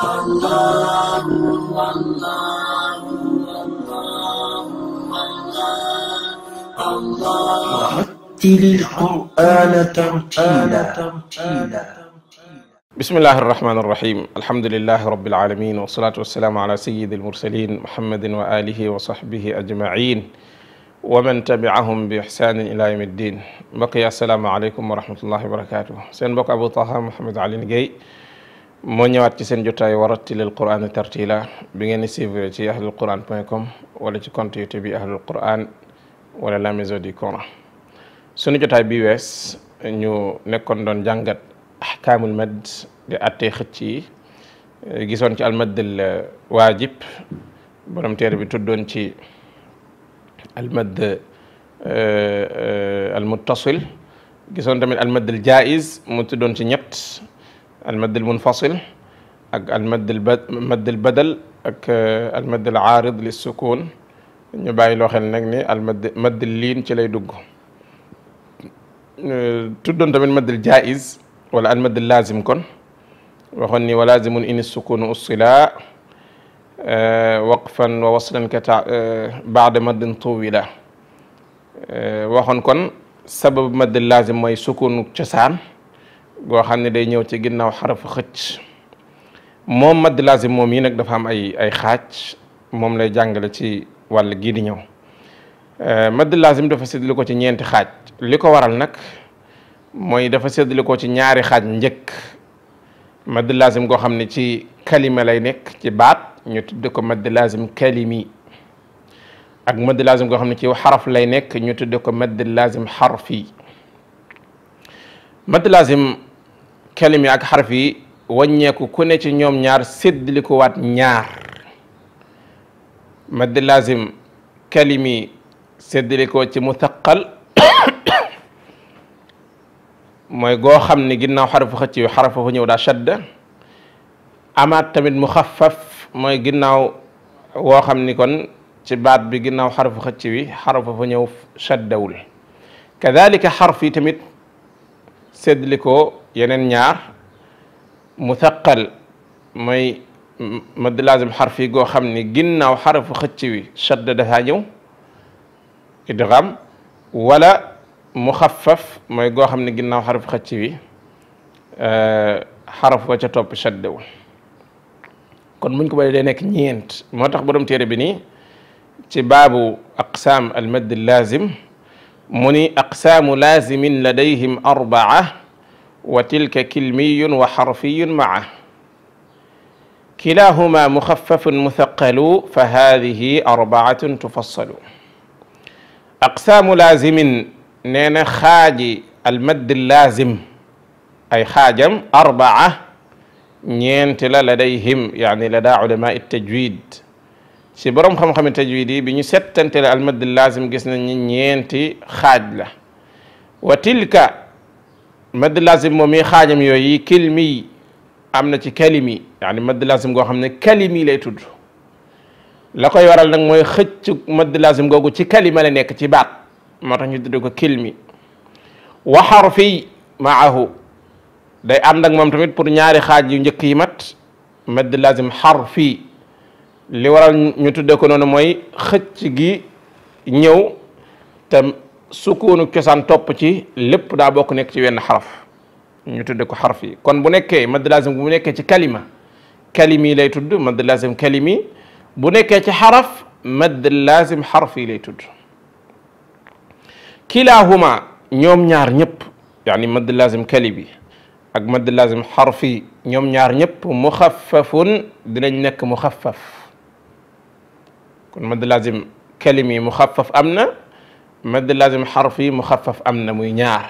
رتل القرآن ترتيلا بسم الله الرحمن الرحيم الحمد لله رب العالمين والصلاة والسلام على سيد المرسلين محمد وآله وصحبه أجمعين ومن تبعهم بإحسان إلى يوم الدين بقي السلام عليكم ورحمة الله وبركاته سين أبو طه محمد علي نجي mo ñëwaat ci seen jotaay waratil alquran tartila bi ngeen suivre ci ahlul quran wala ci compte youtube bi ahlul wala la maison du coran sunu jotaay bi wess ñu nekkon doon jàngat ahkamul mad di atté xëcc yi gisoon ci almad al wajib borom téere bi tuddoon ci almadd almuttasil gisoon tamit almaddal jaiz mu tuddoon ci ñett المد المنفصل أك المد البدل أك المد العارض للسكون نباي لو خل نغني المد مد اللين تي لاي دغ تودون تامن مد الجائز ولا المد اللازم كون وخون ني ولازم ان السكون اصلا آه، وقفا ووصلا كتا آه، بعد مد طويلة آه، وخون كون سبب مد اللازم ماي سكون تشسان go xamne day ñëw ci ginnaw xaraf xëcc mom mad lazim mom yi nak dafa am ay ay xaaj mom lay jàngale ci wal gi di ñëw mad lazim dafa seddel ko ci ñent xaaj liko waral nak moy dafa seddel ko ci ñaari xaaj ñeek mad lazim go xamne ci kalima lay nek ci baat ñu tudd ko mad lazim kalimi ak mad lazim go xamne ci xaraf lay nek ñu tudd ko mad lazim harfi mad lazim كلمي أك حرفي ونيك كونة تنيوم نار سد لكوات نار مد لازم كلمة سد لكوات مثقل ما يقول خم نجينا حرف ختي وحرف هني ولا شدة أما تمد مخفف ما يجينا وخم نكون تبعد بيجينا حرف ختي حرف هني وشدة كذلك حرف تمد séddli ko yeneen ñaar mu muthaqal mooy madd laazim xarfi goo xam ni ginnaaw xarafu xëcc wi shadda dafaa ñëw idgham wala muxaffaf mooy goo xam ne ginnaaw xarafu xëcc wi eh, xaraf wa ca topp shadda wu kon muñ ko bale day nekk ñeent moo tax borom téere bi nii ci baabu aqsaam al madd مني أقسام لازم لديهم أربعة وتلك كلمي وحرفي معه كلاهما مخفف مثقل فهذه أربعة تفصل أقسام لازم نين خاج المد اللازم أي خاجم أربعة نين لديهم يعني لدى علماء التجويد si borom xam-xami tajwid yi bi ñu settantele almadd lazim gis nañ ñeenti xaaj la wa tilka madd lazim moom mi xaajam yooyu kilmi am na ci kalimi yaani madd lazim goo xam ne kalimi lay tudd koy waral nag mooy xëccu madd lazim googu ci kalima la nekk ci baat moo tax ñu tudd ko kilmi wa xarfi maahu day ànd ak moom tamit pour ñaari xaaj yu njëkk yi mat madd lazim xarfi li waral ñu tudde ko noonu moy xëcc gi ñëw te sukunu kessan top ci lépp da bok nek ci wenn harf ñu tudde ko harfi kon bu nekké mad lazim bu nekké ci kalima kalimi lay tudd mad lazim kalimi bu nekké ci harf mad lazim harfi yi lay tudd kilahuma ñom ñaar ñëpp yani mad lazim kalibi ak mad lazim harfi ñom ñaar ñëpp mukhaffafun dinañ nek mukhaffaf kon mad lazim kalimi mu xaffaf am na mad lazim xarfi mu xaffaf am na muy ñaar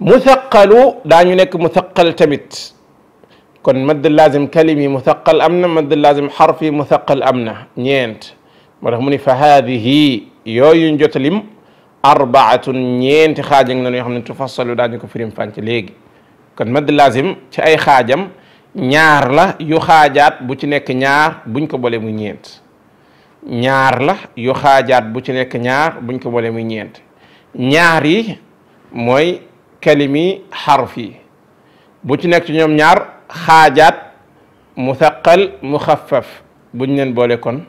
muthaqalu daañu nekk muthaqal tamit kon mad lazim kalimi muthaqal am na mad lazim xarfi muthaqal am na ñeent moo tax mu ni fa haadihi yooyu njotalim arbaatun ñeenti xaajang na yoo xam ne tufassalu daañu ko firim fànc léegi kon mad lazim ci ay xaajam ñaar la yu xaajaat bu ci nekk ñaar buñ ko boole mu ñeent ñaar la yu xaajaat bu ci nekk ñaar buñ ko boole muy ñeent ñaar yi mooy kalimi xarf yi bu ci nekk ci ñoom ñaar xaajaat muthaqal muxaffaf buñ leen boole kon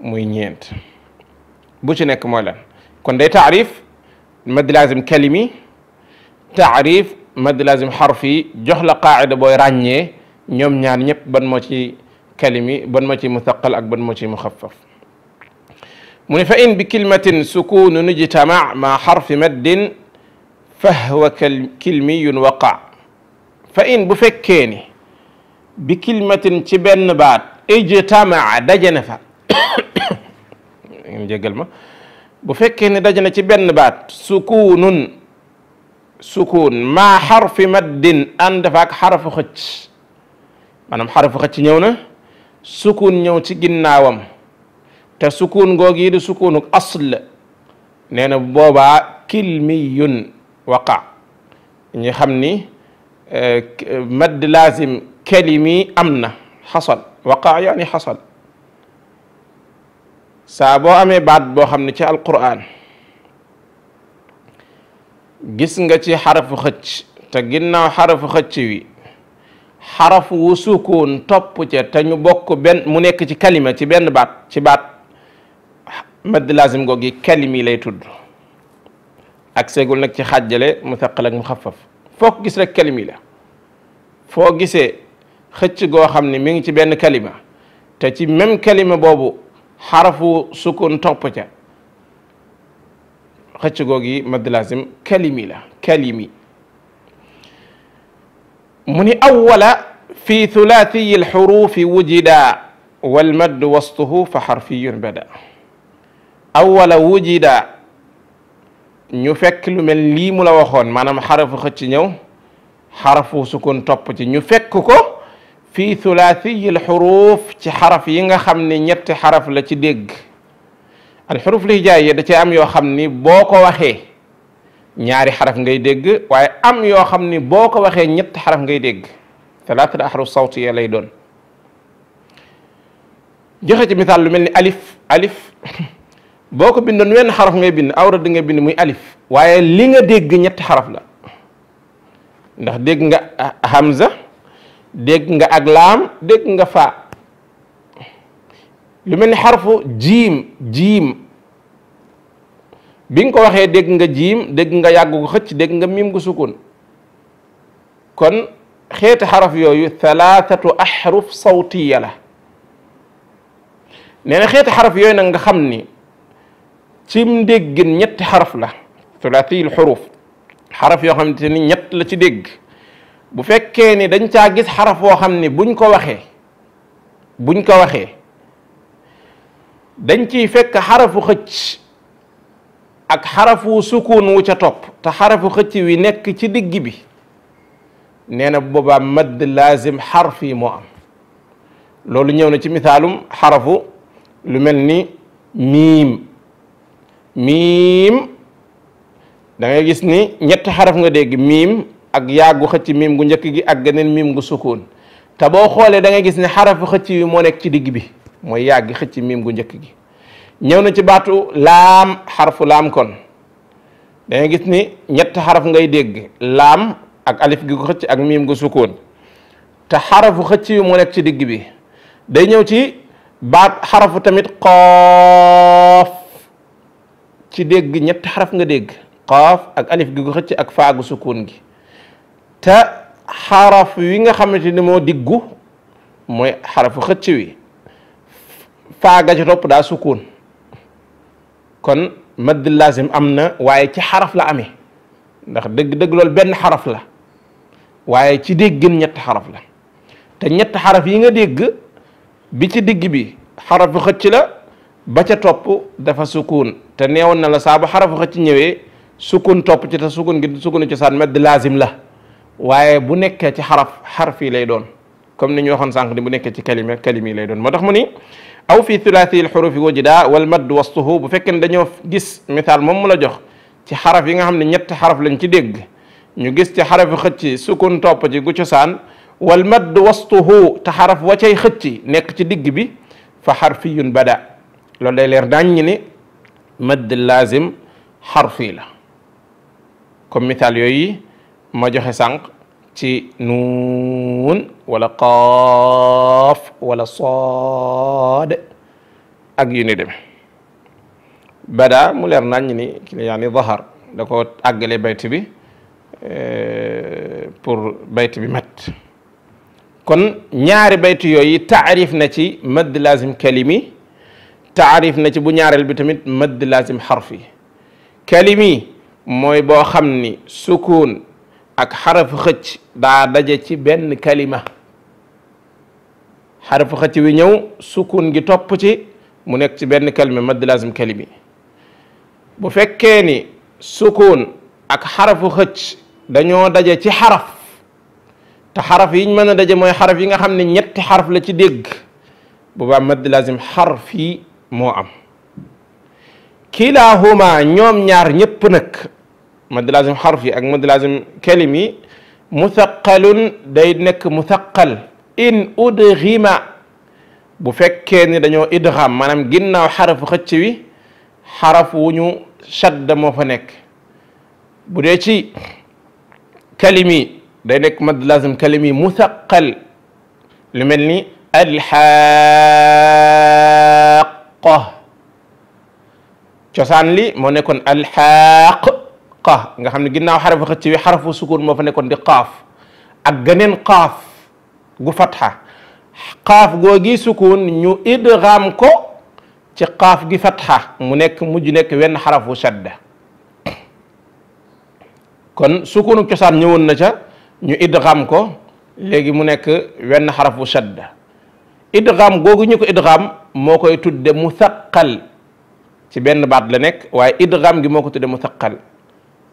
muy ñeent bu ci nekk mooy lan kon day taarif mad lazim kalimi taarif mad lazim xarf yi jox la booy ràññee ñoom ñaar ñëpp ban moo ci kalimi ban moo ci muthaqal ak ban moo ci muxaffaf من فإن بكلمة سكون نجتمع مع حرف مد فهو كلمي وقع فإن بفكيني بكلمة تبن بعد اجتمع دجنفا فا بفكيني دجنة تبن بعد سكون سكون مع حرف مد أندفاك فاك حرف خج أنا حرف خج نيونا سكون نيو ñëw ci te sukuun goog yi di sukuunuk asl nee na boobaa kilmiyun waqa ñi xam ni eh, madd laazim kalimi am na xasal waqa yaani xasal saa boo amee baat boo xam ne ci alquran gis nga ci xarafu xëcc te ginnaaw xarafu xëcc wi xaraf wu sukuun topp ca te ñu bokk benn mu nekk ci kalima ci benn baat ci baat مد لازم غوغي كلمي لاي تود اك سيغول نك سي خاجالي مثقل مخفف فوك غيس رك كلمي لا فوك غيسه خيتش غو خامني ميغي سي بن كلمه تا سي ميم كلمه بوبو حرف سكون توپ تا خيتش غوغي مد لازم كلمي لا كلمي من اول في ثلاثي الحروف وجدا والمد وسطه فحرفي بدأ awwala wujida ñu fekk lu mel lii mu la waxoon maanaam xarafu xëcc ñëw xarafu sukun topp ci ñu fekk ko fii thulathiyil xuruuf ci xaraf yi nga xam ne ñetti xaraf la ci dégg al li lihijaay yi da ci am yoo xam ni boo ko waxee ñaari xaraf ngay dégg waaye am yoo xam ni boo ko waxee ñetti xaraf ngay dégg thalathal ahruf sawtiya lay doon joxe ci misaal lu mel ni alif alif boo ko bindoon wenn xaraf ngay bind awra di nga bind muy alif waaye li nga dégg ñetti xaraf la ndax dégg nga hamza dégg nga ak laam dégg nga faa lu mel ni xarfu jiim jiim bi nga ko waxee dégg nga jiim dégg nga yàgg gu xëcc dégg nga miim gu sukun kon xeeti xaraf yooyu thalathatu ahruf sawtiya la nee na xeeti xaraf yooyu nag nga xam ni cim déggin ñetti xaraf la thulathil xuruf xaraf yoo xamante ni ñett la ci dégg bu fekkee ni dañ caa gis xaraf woo xam ni buñ ko waxe buñ ko waxee dañ ciy fekk xarafu xëcc ak xarafu sukuun wu ca topp te xarafu xëcc wi nekk ci digg bi nee na boobaa madd laazim xarf yi moo am loolu ñëw na ci misaalum xarafu lu mel ni miim miim da gis ni ñett xaraf nga dégg miim ak yàggu xëcc miim gu njëkk gi ak geneen miim gu sukkoon te boo xoolee da ngay gis ne xarafu xëcc moo nekk ci digg bi mooy yàgg xëcc miim gu njëkk gi ñëw na ci baatu laam xarfu laam kon gis ni ñett xaraf ngay dégg laam ak alif gi xëcc ak miim gu sukkoon te xarafu xëcc yi moo nekk ci digg bi day ñëw ci baat xarafu tamit xoof ci dégg ñetti xaraf nga dégg qaaf ak alif gi ko xëcc ak faagu sukun gi te xaraf wi nga xamante ni moo diggu mooy xarafu xëcc wi faaga ci topp daa sukun kon madd lazim am na waaye ci xaraf la amee ndax dëgg-dëgg loolu benn xaraf la waaye ci déggin ñetti xaraf la te ñett xaraf yi nga dégg bi ci digg bi xarafu xëcc la ba ca topp dafa sukun te neewoon na la saa bu xarafu xëcc ñëwee sukun topp ci te sukun gi sukunu ci saan medd laazim la waaye bu nekkee ci xaraf xarf yi lay doon comme ni ñu waxoon sànq ni bu nekkee ci kalima kalimi lay doon moo tax mu ni aw fi thulathi al xurufi daa wal madd wastuhu bu fekkee ne dañoo gis misaal moom mu la jox ci xaraf yi nga xam ne ñetti xaraf lañ ci dégg ñu gis ci xarafi xëcc sukun topp ci gu cosaan wal madd wastuhu te xaraf wa cay xëcc nekk ci digg bi fa xarfiyun bada loolu day leer daañu ne madd laazim xarfi la comme misaal yooyu ma joxe sànq ci nuun wala qaaf wala saad ak yu ni demee badaa mu leer nañ ni ki yaani zahar da ko àggale bi euh, pour bayt bi mat kon ñaari bayt yooyu taarif na ci madd laazim kalimi taarif na ci bu ñaareel bi tamit madd laasim xarfi kalimi mooy boo xam ni sukuun ak xarafu xëcc daa daje ci benn kalima xarafu xëcc wi ñëw sukuun gi topp ci mu nekk ci benn kalima madd laasim kalimi bu fekkee ni sukuun ak xarafu xëcc dañoo daje ci xaraf te xaraf yiñ mën a daje mooy xaraf yi nga xam ne ñetti xaraf la ci dégg boobaa madd laasim xarfi moo am kilahuma ñoom ñaar ñëpp nag mad lazim ak mad lazim kelim yi muthaqalun day nekk muthaqal in udghima bu fekkee ni dañoo idgham maanaam ginnaaw xaraf xëcc wi xaraf wu ñu shadda moo fa nekk bu dee ci kalimi day nekk mad lazim kalimi muthaqal lu mel ni alxaa cosaan li moo nekkoon alxaaqa nga xam ne ginnaaw xarafu xëcc wi xarafu sukuun moo fa nekkoon di xaaf ak geneen qaaf gu fatxa qaaf googi sukuun ñu idgaam ko ci qaaf gi fatxa mu nekk mujj nekk wenn xarafu shadda kon sukuunu cosaan ñëwoon na ca ñu idgaam ko léegi mu nekk wenn xarafu shadda idgham googu ñu moo koy tudde musaqqal ci benn baat la nekk waaye idgham gi moo ko tudde musaqqal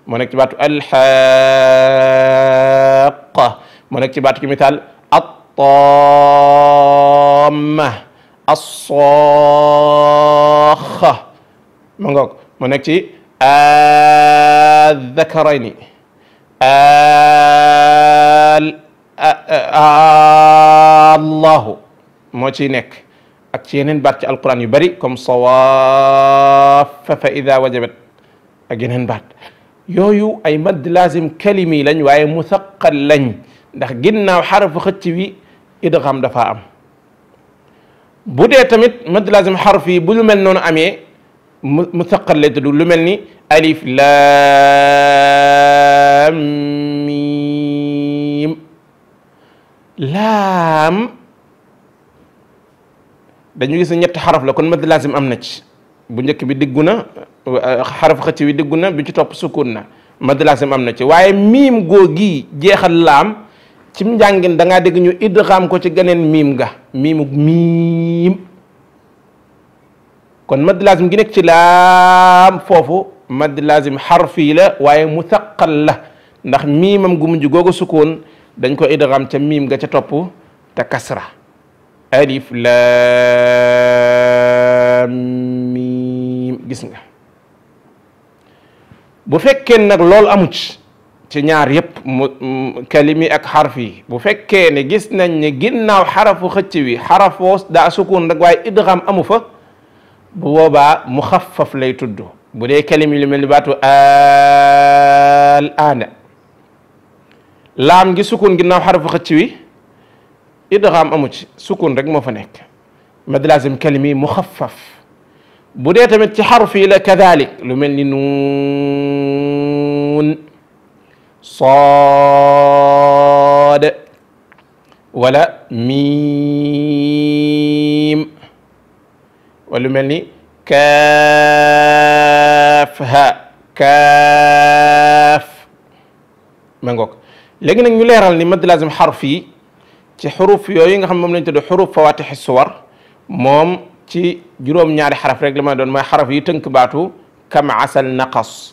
moo nekk ci baatu alxaqa moo nekk ci baatu ki misaal attamma ci moo ciy nekk ak ci yeneen baat ci alquran yu bari comme sawaafa fa ida wajabat ak yeneen baat yooyu ay madd lazim kalimi lañ waaye musaqal lañ ndax ginnaaw xarafu xëcc wi idgham dafa am bu dee tamit madd lazim xaraf yi bu lu mel noonu amee musaqal lay tudd lu mel ni alif laam miim laam dañu gis ne ñetti xaraf la kon mad lazim am na ci bu njëkk bi diggu na euh, xaraf xëcc wi diggu na bi ci topp sukun na mad lazim am na ci waaye miim goo gii jeexal laam ci njàngin danga dégg ñu idgham ko ci geneen miim ga miimu miim kon mad lazim gi nekk ci laam foofu mad lazim xarfi la waaye mu muthaqal la ndax miimam gu mujj googu sukun dañ ko idgham ca miim ga ca topp te kasra alif laam miim gis nga bu fekkee nag loolu amu ci ci ñaar yëpp mu kalimi ak xarfi bu fekkee ne gis nañ ne ginnaaw xarafu xëcc wi xarafoos daa sukun rek waaye idgham amu fa bu boobaa mu xaffaf lay tudd bu dee kalimi lu mel ni baatu al laam gi sukun ginnaaw xarafu xëcc wi إدغام أموتش سكون رجمو فنك مدلازم كلمي مخفف بديت من تحرفي إلى كذلك لمن نون صاد ولا ميم ولمن كاف ها كاف منغوك لكن نيو لازم حرفي ci xuruf yooyu nga xam moom lañ tuddee xuruf fawaatixi suwar moom ci juróom-ñaari xaraf rek li ma doon mooy xaraf yi tënk baatu kam asal naqas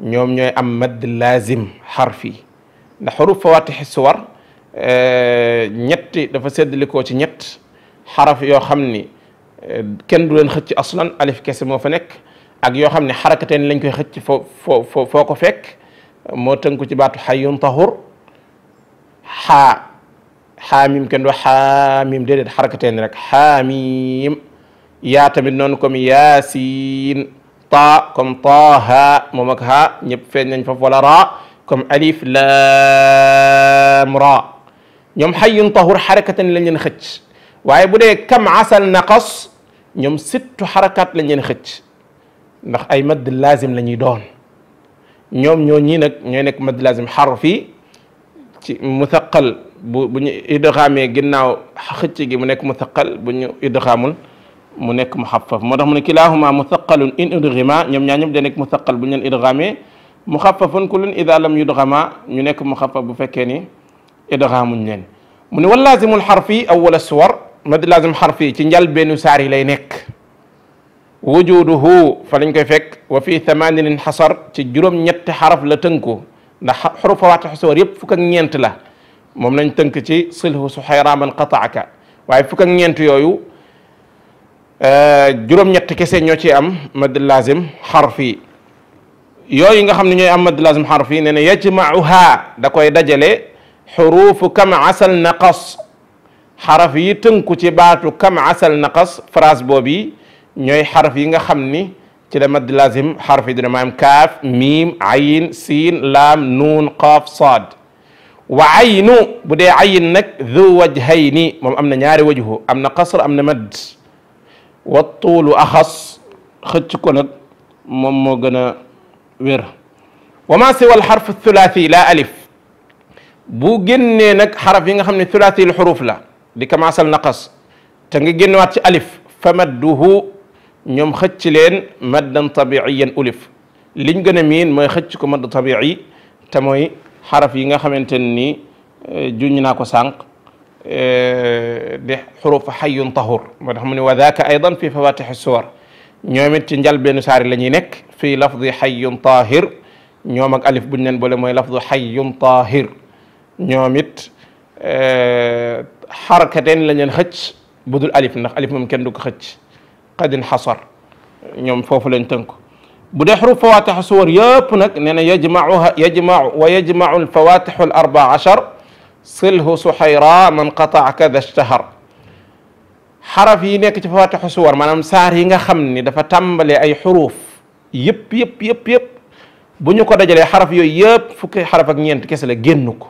ñoom ñooy am mad laazim xarf ndax xuruf fawaatixi suwar ñetti dafa séddalikoo ci ñett xaraf yoo xam ni kenn du leen xëcc aslan alif kese moo fa nekk ak yoo xam ne xarakateen lañ koy xëcc fo fo foo ko fekk moo tënku ci baatu xayun tahur xaa حاميم كن حاميم ديدت حركتين رك حاميم يا تامن نون ياسين طا كم طه مومك ها نيب فين نان فوف را كوم الف لام را يوم حي طهور حركتين لنين خج واي كم عسل نقص يوم ست حركات لنين خج نخ اي مد لازم لني دون يوم نيو ني نك مد لازم حرفي مثقل buñu bu ginnaw xëcc gi mu nek muthaqqal buñu ñu mu nek muhaffaf moo tax mu ne kilahuma muthaqqalun in idghama ñom ñaan ñep de nek muthaqqal buñu ñu leen muhaffafun kulun idha lam yudghama ñu nek muhaffaf bu fekke ni idgaamuñ leen mu ne walazimul harfi awwal aswar mad lazim harfi ci njalbeenu benu sari lay nek wujuduhu fa lañ koy fekk wa fi thamaanin xasar ci juróom-ñetti xaraf la tënku ndax xurufawaati xasuwar yëpp fukk ak ñeent la moom nañ tënk ci silhu su xayra man qataaka waaye fukk ak ñeent yooyu eh, juróom-ñett kese ñoo ci am mad lazim xarfi yooyu nga xam ne ñooy am mad lazim xarfi nee na yajmauha da koy dajale xuruufu kam asal yi tënku ci baatu kam naqas phrase boobu ñooy xaraf yi nga xam ni ci la mad lazim xarfi dina maam kaaf miim ayin siin laam nuun qaaf saad wa aynu bu dee ayin nag dhu wajhayni moom am na ñaari wajhu am na qasr am na madd wa tuulu axas xëcc ko nag moom moo gën a wér wa ma siwa alxarf thulathi la alif bu génnee nag xaraf yi nga xam ne thulathi al xuruf la di kamaasal naqas te nga génnewaat ci alif fa madduhu ñoom xëcc leen maddan tabiiyan ulif liñ gën a miin mooy xëcc ko madd tabii te mooy حرف يغا خامتيني جوني نكو سانك حروف حي طهور مدخمني وذاك ايضا في فواتح السور نيومت تي بين سار ساري في لفظ حي طاهر نيومك الف بنين نن بوله لفظ حي طاهر نيومت حركتين لا نين خج بودول الف نخ الف ممكن دوك خج قد انحصر نيوم فوفو لن بدي حروف فواتح سور يبنك نينا يجمعها يجمع ويجمع الفواتح الأربع عشر صله سحيرا من قطع كذا الشهر حرف ينيك فواتح سور ما نمسار ينغ خمني دفا تنبلي أي حروف يب يب يب يب بني كو دجالي حرف يو يب فك حرف نينت كسل جنوك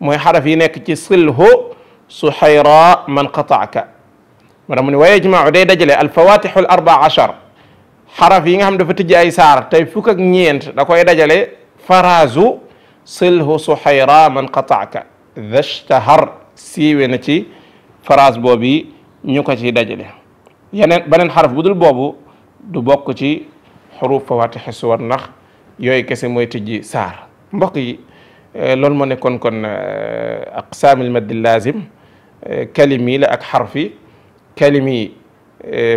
موي حرف ينيك صله سحيرا من قطعك ما نمني ويجمع دي دجالي الفواتح الأربع عشر xaraf yi nga xam dafa tijji ay saar tey fukk ak ñeent da koy dajale faraasu silhu suxayra man qataaka dashtahar siiwe na ci faraas boobu ñu ko ci dajale yeneen beneen xaraf bu dul boobu du bokk ci xuruf fawaatixi suwar ndax yooyu kese mooy tijji saar mbokk yi loolu moo nekkoon kon aqsaamil maddi laazim kalimi la ak xarfi kalimi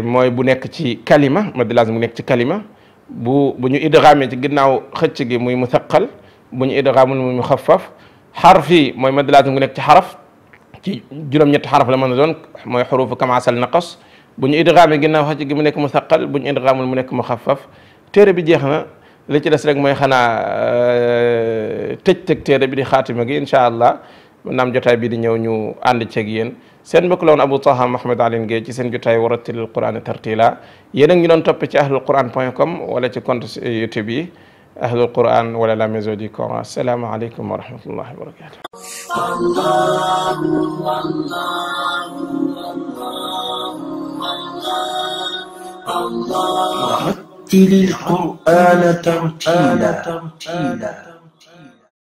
moy bu nek ci kalima mad lazim nek ci kalima bu buñu ñu ci ginnaw xëcc gi muy musaqqal buñu ñu muy mukhaffaf harfi moy mooy mad lazim bu ci harf ci juróom-ñetti harf la mëna doon moy huruf kama asal naqas buñu ñu ginnaw xëcc gi mu nek musaqqal buñu ñu mu nek mukhaffaf téré bi jeexna li ci dess rek moy xana tejj tek téré bi di khatima gi inshallah نام جتاي بي دي نييو اند تيك يين سين مبك لون ابو طه محمد علي نغي سي سين جتاي ورتل القران ترتيلا يين نغي نون توب سي اهل القران بوين كوم ولا سي كونت يوتيوب اهل القران ولا لا ميزو دي كون السلام عليكم ورحمه الله وبركاته الله الله الله الله الله الله الله